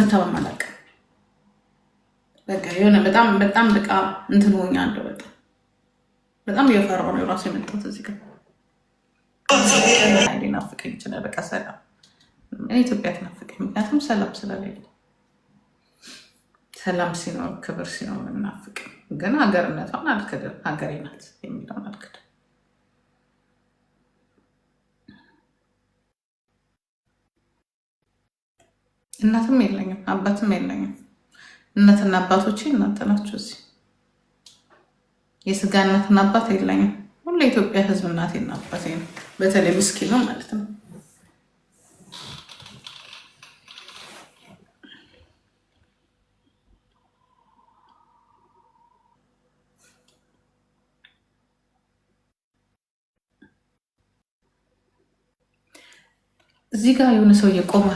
መታወም አላውቅም። በቃ የሆነ በጣም በጣም በቃ እንትን ሆኛለሁ። በጣም በጣም እየፈራሁ ነው የመጣሁት እዚህ ጋር ሊናፍቀኝ ይችላል። በቃ ሰላም እኔ ኢትዮጵያ ትናፍቀኝ፣ ምክንያቱም ሰላም ስለሌለ ሰላም ሲኖር ክብር ሲኖር ምናፍቅ ግን ሀገርነቷን አልክድም። ሀገሬ ናት የሚለውን አልክድም። እናትም የለኝም አባትም የለኝም። እናትና አባቶቼ እናንተ ናችሁ። እዚህ የስጋ እናትና አባት የለኝም። ሁሉ የኢትዮጵያ ሕዝብ እናቴና አባቴ ነው። በተለይ ምስኪን ነው ማለት ነው። እዚህ ጋር የሆነ ሰው እየቆመ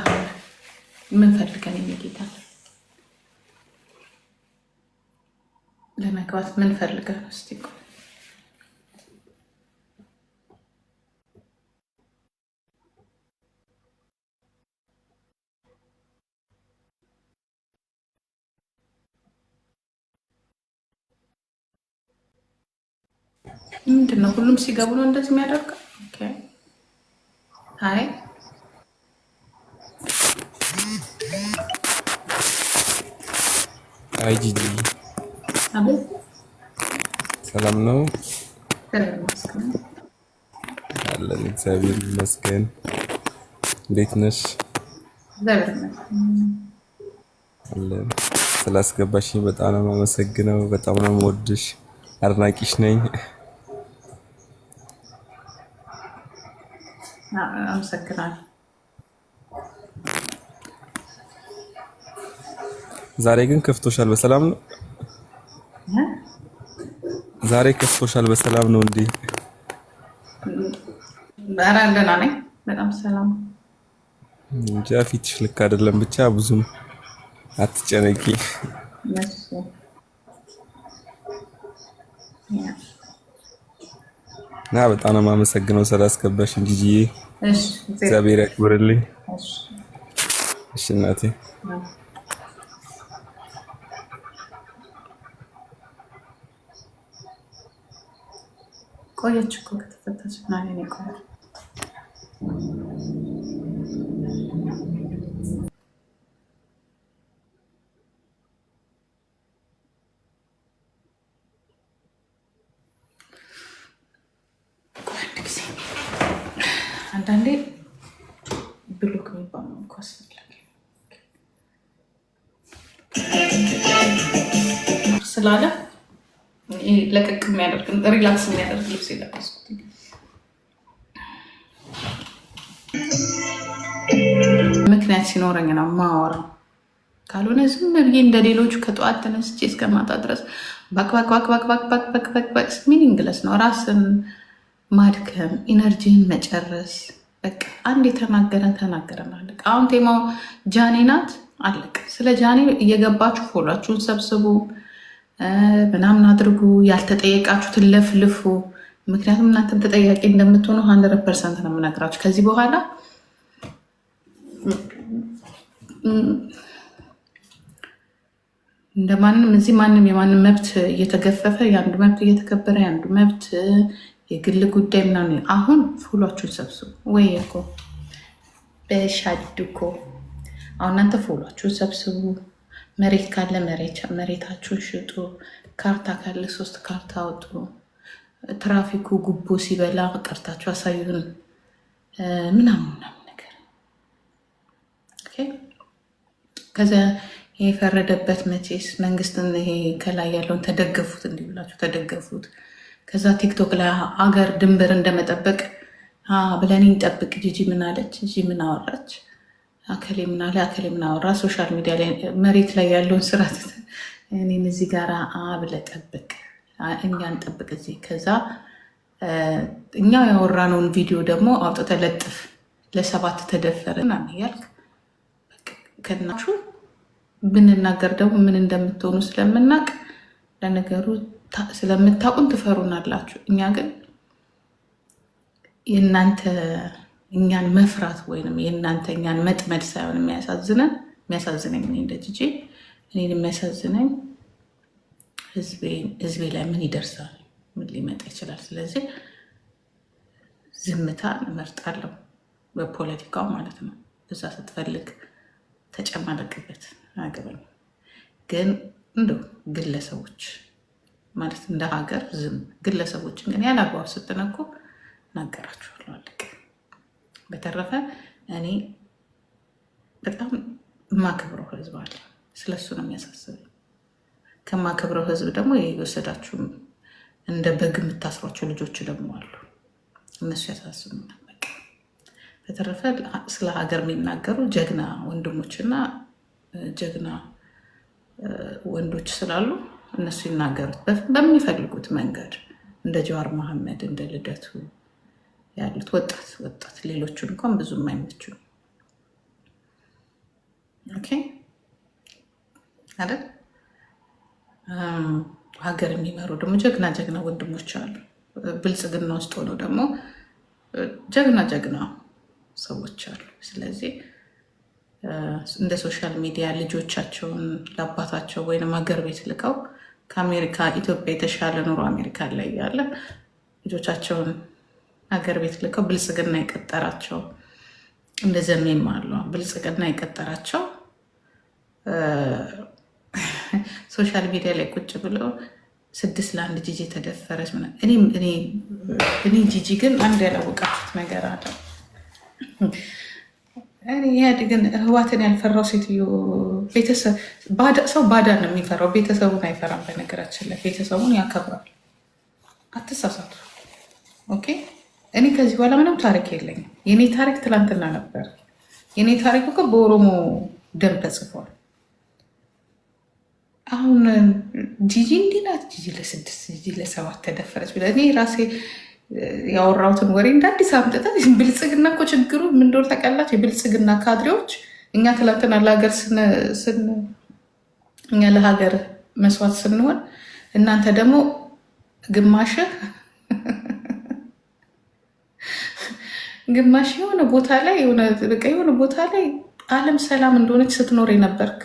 ምን ፈልገን የሚጌታ ለመግባት ምን ፈልገን እስቲ ምንድን ነው? ሁሉም ሲገቡ ነው እንደዚህ የሚያደርገው? አይ አይ ጂጂ ሰላም ነው አለን። እግዚአብሔር ይመስገን። እንዴት ነሽ? አለን። ስላስገባሽኝ በጣም ነው የማመሰግነው። በጣም ነው የምወድሽ፣ አድናቂሽ ነኝ። አመሰግናለሁ። ዛሬ ግን ከፍቶሻል፣ በሰላም ነው። ዛሬ ከፍቶሻል፣ በሰላም ነው። እንዴ ኧረ ደህና ነኝ፣ በጣም ሰላም እንጃ። ፊትሽ ልክ አይደለም፣ ብቻ ብዙም አትጨነቂ። ና በጣም ነው የማመሰግነው ስላስገባሽ እንጂ እግዚአብሔር ያክብርልኝ። እሺ እናቴ ቆየች እኮ ከተፈታች ምናምን ይቆያል። አንድ ጊዜ አንዳንዴ ብሎክ የሚባለው እኮ አስፈላጊ ስላለ ይሄ ለቀቅ የሚያደርግ ሪላክስ የሚያደርግ ልብስ የለበስኩት ምክንያት ሲኖረኝ ነው የማወራው። ካልሆነ ዝም ብዬ እንደ ሌሎቹ ከጠዋት ተነስቼ እስከ ማታ ድረስ ባክባክባክባክባክባክባክባክ ሚኒንግለስ ነው። ራስን ማድከም፣ ኢነርጂን መጨረስ። በቃ አንድ የተናገረ ተናገረ ማለቅ። አሁን ቴማው ጃኔ ናት አለቀ። ስለ ጃኔ እየገባችሁ ፎሏችሁን ሰብስቡ። ምናምን አድርጉ፣ ያልተጠየቃችሁትን ለፍልፉ። ምክንያቱም እናንተም ተጠያቂ እንደምትሆኑ ሀንድረድ ፐርሰንት ነው የምነግራችሁ። ከዚህ በኋላ ማንም እዚህ ማንም የማንም መብት እየተገፈፈ የአንዱ መብት እየተከበረ የአንዱ መብት የግል ጉዳይ ምናምን። አሁን ፎሏችሁን ሰብስቡ። ወይ እኮ በሻድኮ አሁን እናንተ ፎሏችሁን ሰብስቡ። መሬት ካለ መሬታችሁን ሽጡ፣ ካርታ ካለ ሶስት ካርታ አውጡ፣ ትራፊኩ ጉቦ ሲበላ ቀርታችሁ አሳዩን ምናምን ምናምን ነገር ከዚያ የፈረደበት መቼስ መንግስትን ይሄ ከላይ ያለውን ተደገፉት እንዲህ ተደገፉት። ከዛ ቲክቶክ ላይ አገር ድንበር እንደመጠበቅ ብለን እንጠብቅ። ጂጂ ምን አለች? ጂጂ ምን አወራች? አከሌ ምና ለአከሌ ምናወራ ሶሻል ሚዲያ ላይ መሬት ላይ ያለውን ስራ እኔን እዚህ ጋር ብለህ ጠብቅ፣ እኛን ጠብቅ እዚህ። ከዛ እኛ ያወራነውን ቪዲዮ ደግሞ አውጥተህ ለጥፍ። ለሰባት ተደፈረ ምናምን እያልክ ከናችሁ ብንናገር ደግሞ ምን እንደምትሆኑ ስለምናቅ ለነገሩ ስለምታውቁን ትፈሩናላችሁ። እኛ ግን የእናንተ እኛን መፍራት ወይም የእናንተ እኛን መጥመድ ሳይሆን የሚያሳዝነን የሚያሳዝነኝ እኔ እንደ ጂጂ እኔን የሚያሳዝነኝ ህዝቤ ላይ ምን ይደርሳል፣ ምን ሊመጣ ይችላል። ስለዚህ ዝምታ እመርጣለሁ፣ በፖለቲካው ማለት ነው። እዛ ስትፈልግ ተጨማለቅበት አገበል ግን እንደው ግለሰቦች ማለት እንደ ሀገር ዝም ግለሰቦችን ግን ያለ አግባብ ስትነኩ ናገራችኋለሁ። አለቀ። በተረፈ እኔ በጣም የማከብረው ህዝብ አለ። ስለሱ ነው የሚያሳስበኝ። ከማከብረው ህዝብ ደግሞ የወሰዳችሁም እንደ በግ የምታስሯቸው ልጆች ደግሞ አሉ። እነሱ ያሳስቡናል። በቃ በተረፈ ስለ ሀገር የሚናገሩ ጀግና ወንድሞችና ጀግና ወንዶች ስላሉ እነሱ ይናገሩት በሚፈልጉት መንገድ እንደ ጀዋር መሐመድ እንደ ልደቱ ያሉት ወጣት ወጣት ሌሎቹን እንኳን ብዙም አይመቹ አይደል? ሀገር የሚመሩ ደግሞ ጀግና ጀግና ወንድሞች አሉ። ብልጽግና ውስጥ ሆነው ደግሞ ጀግና ጀግና ሰዎች አሉ። ስለዚህ እንደ ሶሻል ሚዲያ ልጆቻቸውን ለአባታቸው ወይም ሀገር ቤት ልቀው ከአሜሪካ ኢትዮጵያ የተሻለ ኑሮ አሜሪካ ላይ ያለ ልጆቻቸውን ሀገር ቤት ልከው ብልጽግና የቀጠራቸው እንደዚህ አሉ። ብልጽግና የቀጠራቸው ሶሻል ሚዲያ ላይ ቁጭ ብለው ስድስት ለአንድ ጂጂ ተደፈረች። እኔ ጂጂ ግን አንድ ያላወቃችሁት ነገር አለ። ኢህአዴግን ህዋትን ያልፈራው ሴትዮ ሰው ባዳ ነው የሚፈራው፣ ቤተሰቡን አይፈራም። በነገራችን ላይ ቤተሰቡን ያከብራል። አትሳሳቱ። ኦኬ ከዚህ በኋላ ምንም ታሪክ የለኝም። የኔ ታሪክ ትላንትና ነበር። የኔ ታሪክ እኮ በኦሮሞ ደም ተጽፏል። አሁን ጂጂ እንዲህ ናት፣ ጂጂ ለስድስት ጂጂ ለሰባት ተደፈረች ብለህ እኔ ራሴ ያወራሁትን ወሬ እንደ አዲስ አምጥጠ ብልጽግና እኮ ችግሩ ምን እንደሆነ ታውቃላችሁ? የብልጽግና ካድሬዎች እኛ ትላንትና ለሀገር እኛ ለሀገር መስዋዕት ስንሆን እናንተ ደግሞ ግማሽህ ግማሽ የሆነ ቦታ ላይ የሆነ በቃ የሆነ ቦታ ላይ ዓለም ሰላም እንደሆነች ስትኖር የነበርክ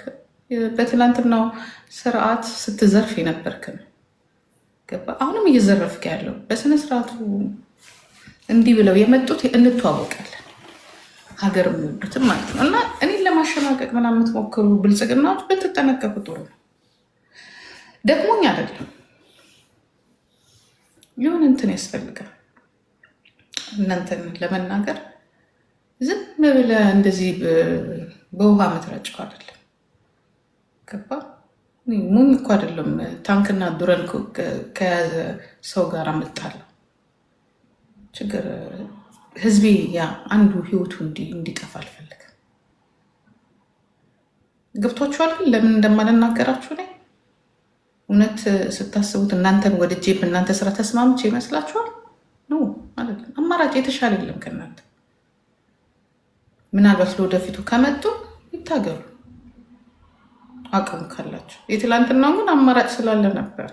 በትናንትናው ስርዓት ስትዘርፍ የነበርክ ገባ አሁንም እየዘረፍክ ያለው በስነ ስርዓቱ እንዲህ ብለው የመጡት እንተዋወቃለን ሀገር የሚወዱትም ማለት ነው። እና እኔን ለማሸማቀቅ ምናምን የምትሞክሩ ብልጽግናዎች ብትጠነቀቁ ጥሩ ነው። ደክሞኝ አይደለም የሆነ እንትን ያስፈልጋል። እናንተን ለመናገር ዝም ብለህ እንደዚህ በውሃ መትረጫው አይደለም። ገባ ሙኝ እኮ አይደለም። ታንክና ዱረን ከያዘ ሰው ጋር አመጣለሁ። ችግር ህዝቤ ያ አንዱ ህይወቱ እንዲጠፋ አልፈልግም። ገብቷችኋል? ግን ለምን እንደማልናገራችሁ እኔ እውነት ስታስቡት እናንተን ወድጄ በእናንተ ስራ ተስማምቼ ይመስላችኋል? ማለት ነው። አማራጭ የተሻለ የለም ከእናንተ። ምናልባት ለወደፊቱ ከመጡ ይታገሉ አቅሙ ካላቸው። የትላንትና ግን አማራጭ ስላለ ነበር፣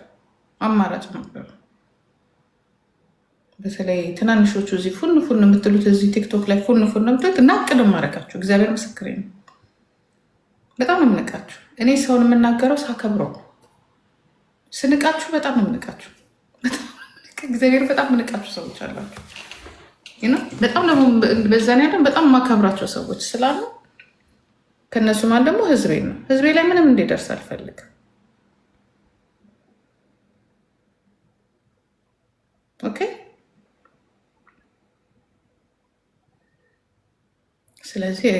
አማራጭ ነበር። በተለይ ትናንሾቹ እዚህ ፉን ፉን የምትሉት እዚህ ቲክቶክ ላይ ፉን ፉን የምትሉት እናቅድ ማድረጋችሁ እግዚአብሔር ምስክሬ ነው። በጣም እምንቃችሁ። እኔ ሰውን የምናገረው ሳከብረው ስንቃችሁ፣ በጣም እምንቃችሁ በጣም እግዚአብሔር በጣም ምንቃችሁ ሰዎች አላችሁ። በጣም ደግሞ በዛ ያለን በጣም ማከብራቸው ሰዎች ስላሉ ከእነሱ ማን ደግሞ ህዝቤ ነው። ህዝቤ ላይ ምንም እንዲደርስ አልፈልግም። ኦኬ። ስለዚህ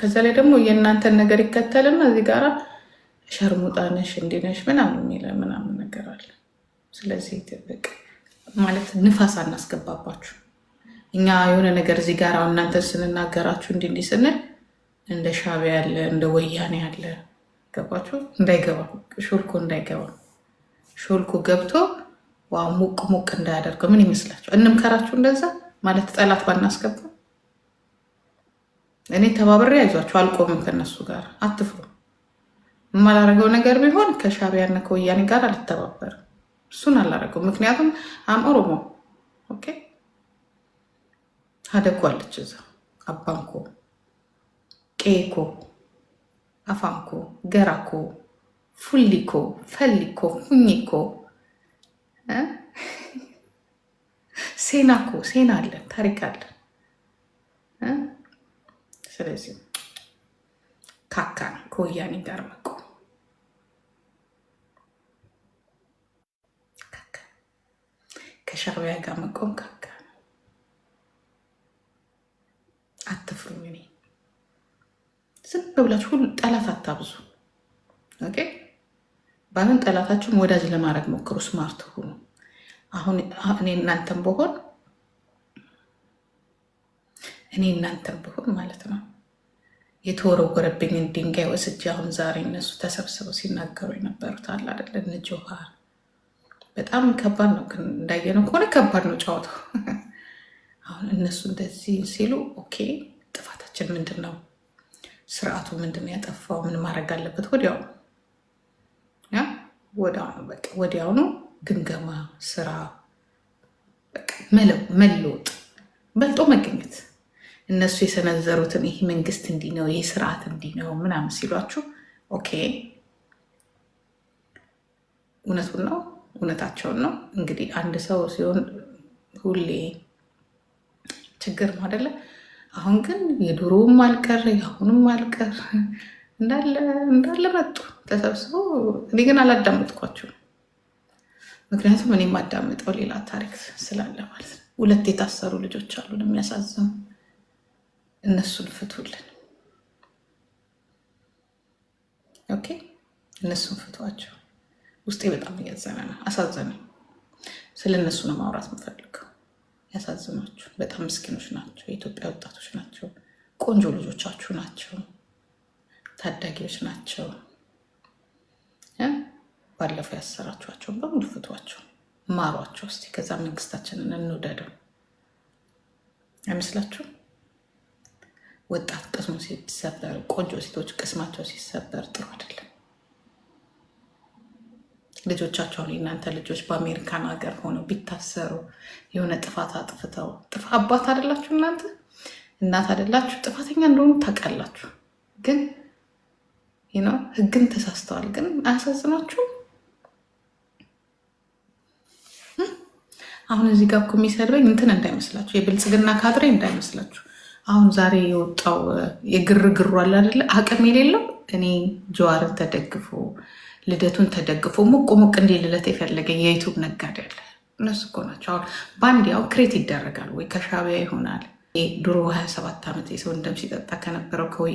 ከዛ ላይ ደግሞ የእናንተን ነገር ይከተልና እዚህ ጋራ ሸርሙጣ ነሽ እንዲህ ምናምን የሚለ ምናምን ነገር አለ። ስለዚህ ይጠበቃል። ማለት ንፋስ አናስገባባችሁ። እኛ የሆነ ነገር እዚህ ጋር እናንተ ስንናገራችሁ እንዲህ እንዲህ ስንል እንደ ሻቢያ ያለ እንደ ወያኔ ያለ ገባችሁ፣ እንዳይገባ ሾልኮ እንዳይገባ ሾልኮ ገብቶ ዋው ሙቅ ሙቅ እንዳያደርገው ምን ይመስላችሁ? እንምከራችሁ እንደዛ ማለት ጠላት ባናስገባ። እኔ ተባብሬ አይዟችሁ አልቆምም ከነሱ ጋር አትፍሩ። የማላደርገው ነገር ቢሆን ከሻቢያና ከወያኔ ጋር አልተባበርም። እሱን አላረገው። ምክንያቱም አም ኦሮሞ ኦኬ ሀደኩ አለች እዛ አባንኮ ቄኮ አፋንኮ ገራኮ ፉሊኮ ፈሊኮ ሁኝኮ ሴናኮ ሴና አለን ታሪክ አለን። ስለዚህ ካካን ከወያኔ ጋር መቆ ከሻቢያ ጋር መቆም ካካ አትፍሩ። እኔ ዝም ብላችሁ ሁሉ ጠላት አታብዙ። ኦኬ ባንን ጠላታችሁን ወዳጅ ለማድረግ ሞክሩ። ስማርት ሁኑ። አሁን እኔ እናንተን በሆን እኔ እናንተን በሆን ማለት ነው የተወረወረብኝን ድንጋይ ወስጄ አሁን ዛሬ እነሱ ተሰብስበው ሲናገሩ የነበሩት አለ አይደለ እነ ጆሃር በጣም ከባድ ነው። ግን እንዳየነው ከሆነ ከባድ ነው ጨዋታው። አሁን እነሱ እንደዚህ ሲሉ ኦኬ፣ ጥፋታችን ምንድን ነው? ስርዓቱ ምንድን ነው ያጠፋው? ምን ማድረግ አለበት? ወዲያውኑ ወዲያውኑ በቃ ወዲያውኑ ግምገማ፣ ስራ መለወጥ፣ በልጦ መገኘት። እነሱ የሰነዘሩትን ይህ መንግስት እንዲህ ነው፣ ይህ ስርዓት እንዲህ ነው ምናምን ሲሏችሁ ኦኬ፣ እውነቱን ነው እውነታቸውን ነው። እንግዲህ አንድ ሰው ሲሆን ሁሌ ችግር ነው አደለ? አሁን ግን የድሮውም አልቀር የአሁኑም አልቀር እንዳለ መጡ ተሰብስቦ። እኔ ግን አላዳመጥኳቸውም። ምክንያቱም እኔ የማዳምጠው ሌላ ታሪክ ስላለ ማለት ነው። ሁለት የታሰሩ ልጆች አሉ የሚያሳዝኑ። እነሱን ፍቱልን። ኦኬ፣ እነሱን ፍቷቸው። ውስጤ በጣም እያዘነ ነው። አሳዘነ። ስለ እነሱ ነው ማውራት የምፈልገው። ያሳዝናችሁ። በጣም ምስኪኖች ናቸው። የኢትዮጵያ ወጣቶች ናቸው። ቆንጆ ልጆቻችሁ ናቸው። ታዳጊዎች ናቸው። ባለፈው ያሰራችኋቸውን በሙሉ ፍቷቸው፣ ማሯቸው። እስኪ ከዛ መንግስታችንን እንውደደው አይመስላችሁም? ወጣት ቅስሙ ሲሰበር፣ ቆንጆ ሴቶች ቅስማቸው ሲሰበር ጥሩ አይደለም። ልጆቻቸውን የእናንተ ልጆች በአሜሪካን ሀገር ሆነው ቢታሰሩ የሆነ ጥፋት አጥፍተው ጥፋ አባት አደላችሁ እናንተ እናት አይደላችሁ ጥፋተኛ እንደሆኑ ታውቃላችሁ። ግን ነው ህግን ተሳስተዋል። ግን አያሳዝናችሁም? አሁን እዚህ ጋር እኮ የሚሰድበኝ እንትን እንዳይመስላችሁ፣ የብልጽግና ካድሬ እንዳይመስላችሁ። አሁን ዛሬ የወጣው የግርግሩ አለ አይደለ? አቅም የሌለው እኔ ጀዋርን ተደግፎ ልደቱን ተደግፎ ሙቅ ሙቅ እንዲልለት የፈለገ የዩቱብ ነጋዴ አለ። እነሱ እኮ ናቸው አሁን በአንድ ያው ክሬት ይደረጋል ወይ ከሻቢያ ይሆናል። ድሮ 27 ዓመት የሰው እንደም ሲጠጣ ከነበረው ከወያ